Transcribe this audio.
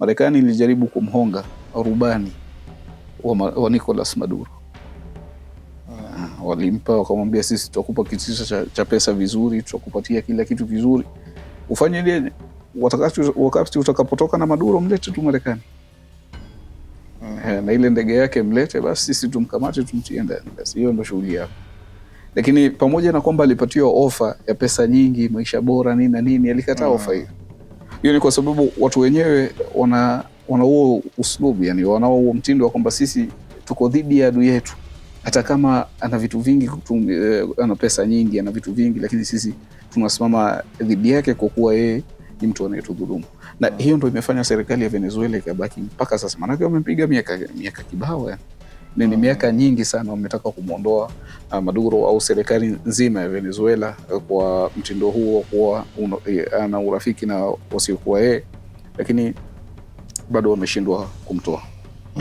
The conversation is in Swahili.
Marekani ilijaribu kumhonga rubani wa, wa Nicolas Maduro ah. Ah, walimpa wakamwambia, sisi tutakupa kitisho cha, cha pesa vizuri, tutakupatia kila kitu vizuri, ufanye watakati, wakati utakapotoka na Maduro mlete tu Marekani ah. eh, na ile ndege yake mlete, basi sisi tumkamate tumtie ndani, basi hiyo ndo shughuli yako. Lakini pamoja na kwamba alipatiwa ofa ya pesa nyingi, maisha bora, nini na nini, alikataa ofa hiyo. Hiyo ni kwa sababu watu wenyewe wana huo uslubu, yani wanao huo mtindo wa kwamba sisi tuko dhidi ya adui yetu, hata kama ana vitu vingi kutum, eh, ana pesa nyingi, ana vitu vingi, lakini sisi tunasimama dhidi yake kwa kuwa yeye ni mtu anayetudhulumu na hiyo ndo imefanya serikali ya Venezuela ikabaki mpaka sasa, maanake wamepiga miaka miaka kibao yani ni ni ah. miaka nyingi sana wametaka kumwondoa ah, Maduro au serikali nzima ya Venezuela eh, kwa mtindo huu wa kuwa eh, ana urafiki na wasiokuwa yeye, lakini bado wameshindwa kumtoa.